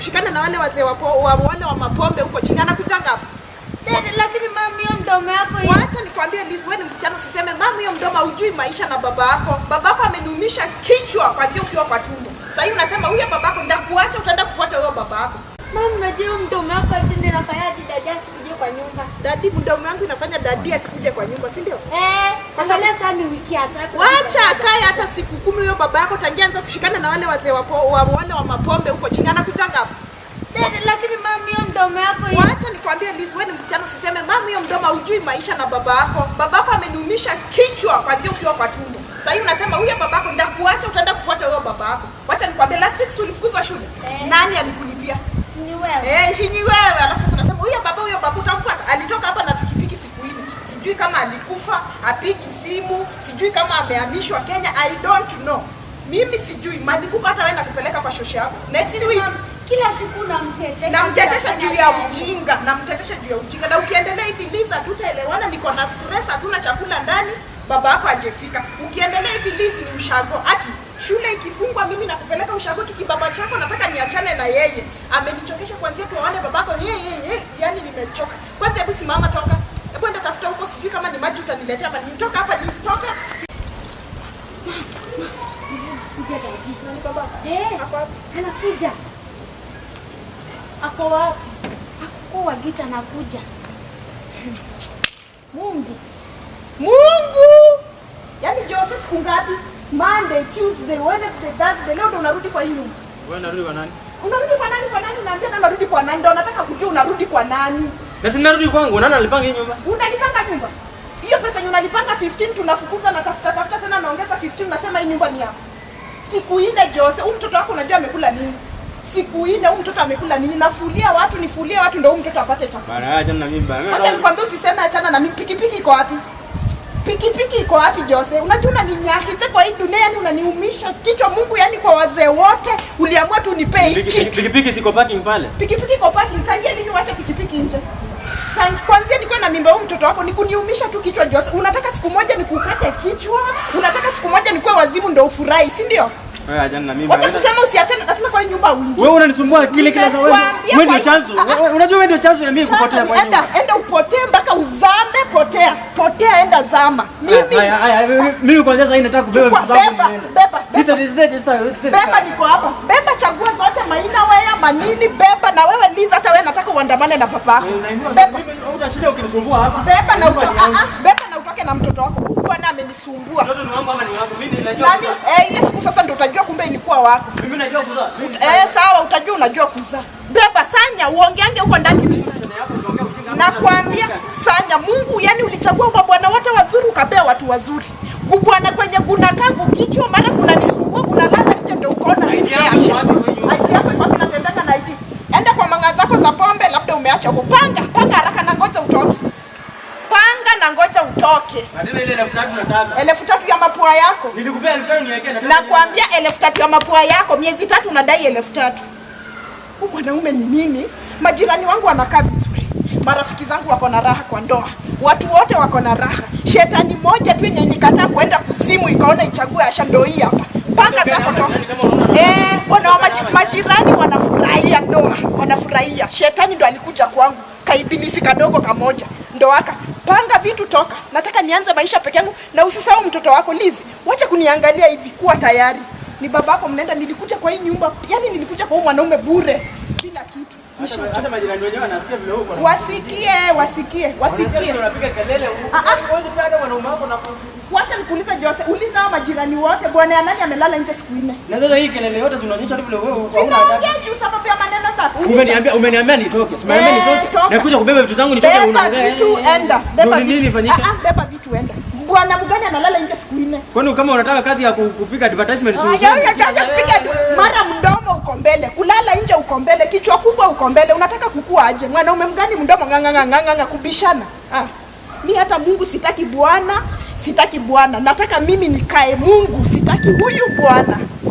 kushikana na wale wazee wapo wale wa mapombe huko chini, anakutanga hapo. Lakini mama, hiyo mdomo yako hiyo. Wacha nikwambie Liz, wewe ni msichana usiseme mama, hiyo mdomo hujui maisha na baba yako. Baba yako amenumisha kichwa kwa kwanzia ukiwa kwa tumbo. Sasa hivi unasema huyo baba yako ndakuacha, utaenda kufuata huyo yako. Mama, unajua mdomo yako ndio nafanyaje dada kwa nyumba. Dadi mdomo wangu inafanya dadi asikuje kwa nyumba, si ndio? Eh. Kwa sababu ni wiki ya tatu. Wacha akae hata siku kumi huyo baba yako tangia anza kushikana na wale wazee wapo wa wale wa mapombe huko chini anakutanga hapo. Dadi lakini mami hiyo mdomo yako hiyo. Wacha nikwambie Liz, wewe ni msichana usiseme mami hiyo mdomo hujui maisha na baba yako. Baba yako ameniumisha kichwa kwa kwanzia ukiwa kwa tumbo. Sasa hivi unasema huyo baba yako ndakuacha utaenda kufuata huyo baba yako. Wacha nikwambie last week ulifukuzwa shule. Eh. Nani alikulipia? wewe. Nchini wewe. Alafu sasa nasema huyo baba huyo baba utamfuata. Alitoka hapa na pikipiki siku ile. Sijui kama alikufa, apiki simu, sijui kama amehamishwa Kenya. I don't know. Mimi sijui. Manikuko hata wewe nakupeleka kwa shosho yako. Next week kila siku namtetesha. Namtetesha juu ya ujinga, namtetesha juu ya ujinga. Na ukiendelea hivi Liza, tutaelewana. Niko na stress, hatuna chakula ndani. Baba yako hajafika. Ukiendelea hivi Lizi ni ushago. Aki Shule ikifungwa mimi nakupeleka ushagoki kibaba chako, nataka niachane na yeye. Amenichokesha kwanzia tuwaone babako ye, ye. yani nimechoka. Kwanza hebu simama, toka. Hebu enda tafuta huko, sijui kama ni maji utaniletea ama nitoka hapa eh, nisitoka. Anakuja. Ako wapi? Ako anakuja. Mungu. Mungu. yani Joseph kungapi? Monday, Tuesday, Wednesday, Thursday. Leo ndo unarudi kwa hii nyumba. Wewe unarudi kwa nani? Unarudi kwa nani? Kwa nani? Unaambia na unarudi kwa nani? Ndio nataka kujua unarudi kwa nani. Na si narudi kwangu, nani alipanga hii nyumba? Unalipanga nyumba? Hiyo pesa unalipanga 15 tunafukuza na tafuta tafuta tena naongeza 15 nasema hii nyumba ni yako. Siku ile Jose, huyu mtoto wako unajua amekula nini? Siku ile huyu mtoto amekula nini? Nafulia watu, nifulie watu ndio huyu mtoto apate chakula. Bana acha na mimi bana. Acha nikwambie usiseme achana na mimi. Pikipiki iko wapi? Pikipiki iko wapi Jose? Unajua unaninyakite kwa hii dunia, yani unaniumisha kichwa Mungu, yani kwa wazee wote uliamua tu nipe hiki. Pikipiki siko parking pale. Pikipiki iko parking. Tangia lini uacha pikipiki nje? Kwanza nikuwa na mimba huyu mtoto wako, nikuniumisha tu kichwa Jose. Unataka siku moja nikukate kichwa? Unataka siku moja nikuwe wazimu ndio ufurahi, si ndio? Wewe ajana na mimba. Wacha kusema usiachane na kwa nyumba uingie. Wewe unanisumbua kile kila saa wewe. Wewe ndio chanzo. Ah, ah, ah. Unajua wewe ndio chanzo ya mimi kupotea kwa nyumba. Enda enda upotee potea, potea, enda zama. Mimi mimi kwanza sasa nataka kubeba. Beba, beba beba sita, sita, sita, niko hapa. Beba, chagua zote, Maina wewe, manini beba. Na wewe Liza, hata wewe nataka uandamane na papa. yako Beba shida ukinisumbua hapa beba, na uto a a beba, na utoke na mtoto wako. Bwana amenisumbua. nani? Eh, siku sasa ndio utajua kumbe ilikuwa wako. Mimi najua kuzaa. Eh, sawa, utajua unajua kuzaa. Beba sanya, uongeange huko ndani. Nakwambia kufanya. Mungu yani ulichagua kwa bwana wote wazuri, ukapea watu wazuri. Kubwana kwenye guna kunakaa kukichwa, maana kuna lala nje, ndio ukaona unatembeka na hivi. Enda kwa manga zako za pombe, labda umeacha huko. Panga panga haraka na ngoja utoke, panga na ngoja utoke. Elfu tatu ya mapua yako nakwambia, elfu tatu ya mapua yako, miezi tatu unadai elfu tatu. Mwanaume ni nini? Majirani wangu wanakaa vizuri Marafiki zangu wako na raha kwa ndoa, watu wote wako na raha. Shetani moja tu yenye nikataa kuenda kuzimu ikaona ichague hii hapa mpaka zako toka. Eh, wana majirani wanafurahia ndoa, wanafurahia. Shetani ndo alikuja kwangu kaibilisi kadogo kamoja ndoaka panga vitu toka, nataka nianze maisha peke yangu. Na usisahau mtoto wako Lizi, wacha kuniangalia hivi, kuwa tayari. Ni babako mnaenda, nilikuja kwa hii nyumba, yani nilikuja kwa mwanaume bure. Wasikie, wasikie, wasikie. Ah, ah. Wacha nikuulize Jose, uliza majirani wote, bwana ya nani amelala nje siku nne. Na sasa hii kelele yote zinaonyesha tu vile wewe uko huna adabu. Sinaongea juu sababu ya maneno sasa. Umeniambia, umeniambia nitoke. Simamia eh, nitoke. Na kuja kubeba vitu zangu nitoke unaongea. vitu eh, eh, enda. Beba vitu. Nini ifanyike? Ah, ah, beba vitu enda. Bwana mgani analala nje siku nne? Kwani kama unataka kazi ya kupiga advertisement sio? Hayo ya kazi ya kupiga mara mbele, kulala nje uko mbele, kichwa kubwa uko mbele. Unataka kukua aje? Mwanaume mgani mdomo ng'ang'ang'ang'anga kubishana? Ah, mi hata Mungu sitaki bwana, sitaki bwana, nataka mimi nikae Mungu, sitaki huyu bwana.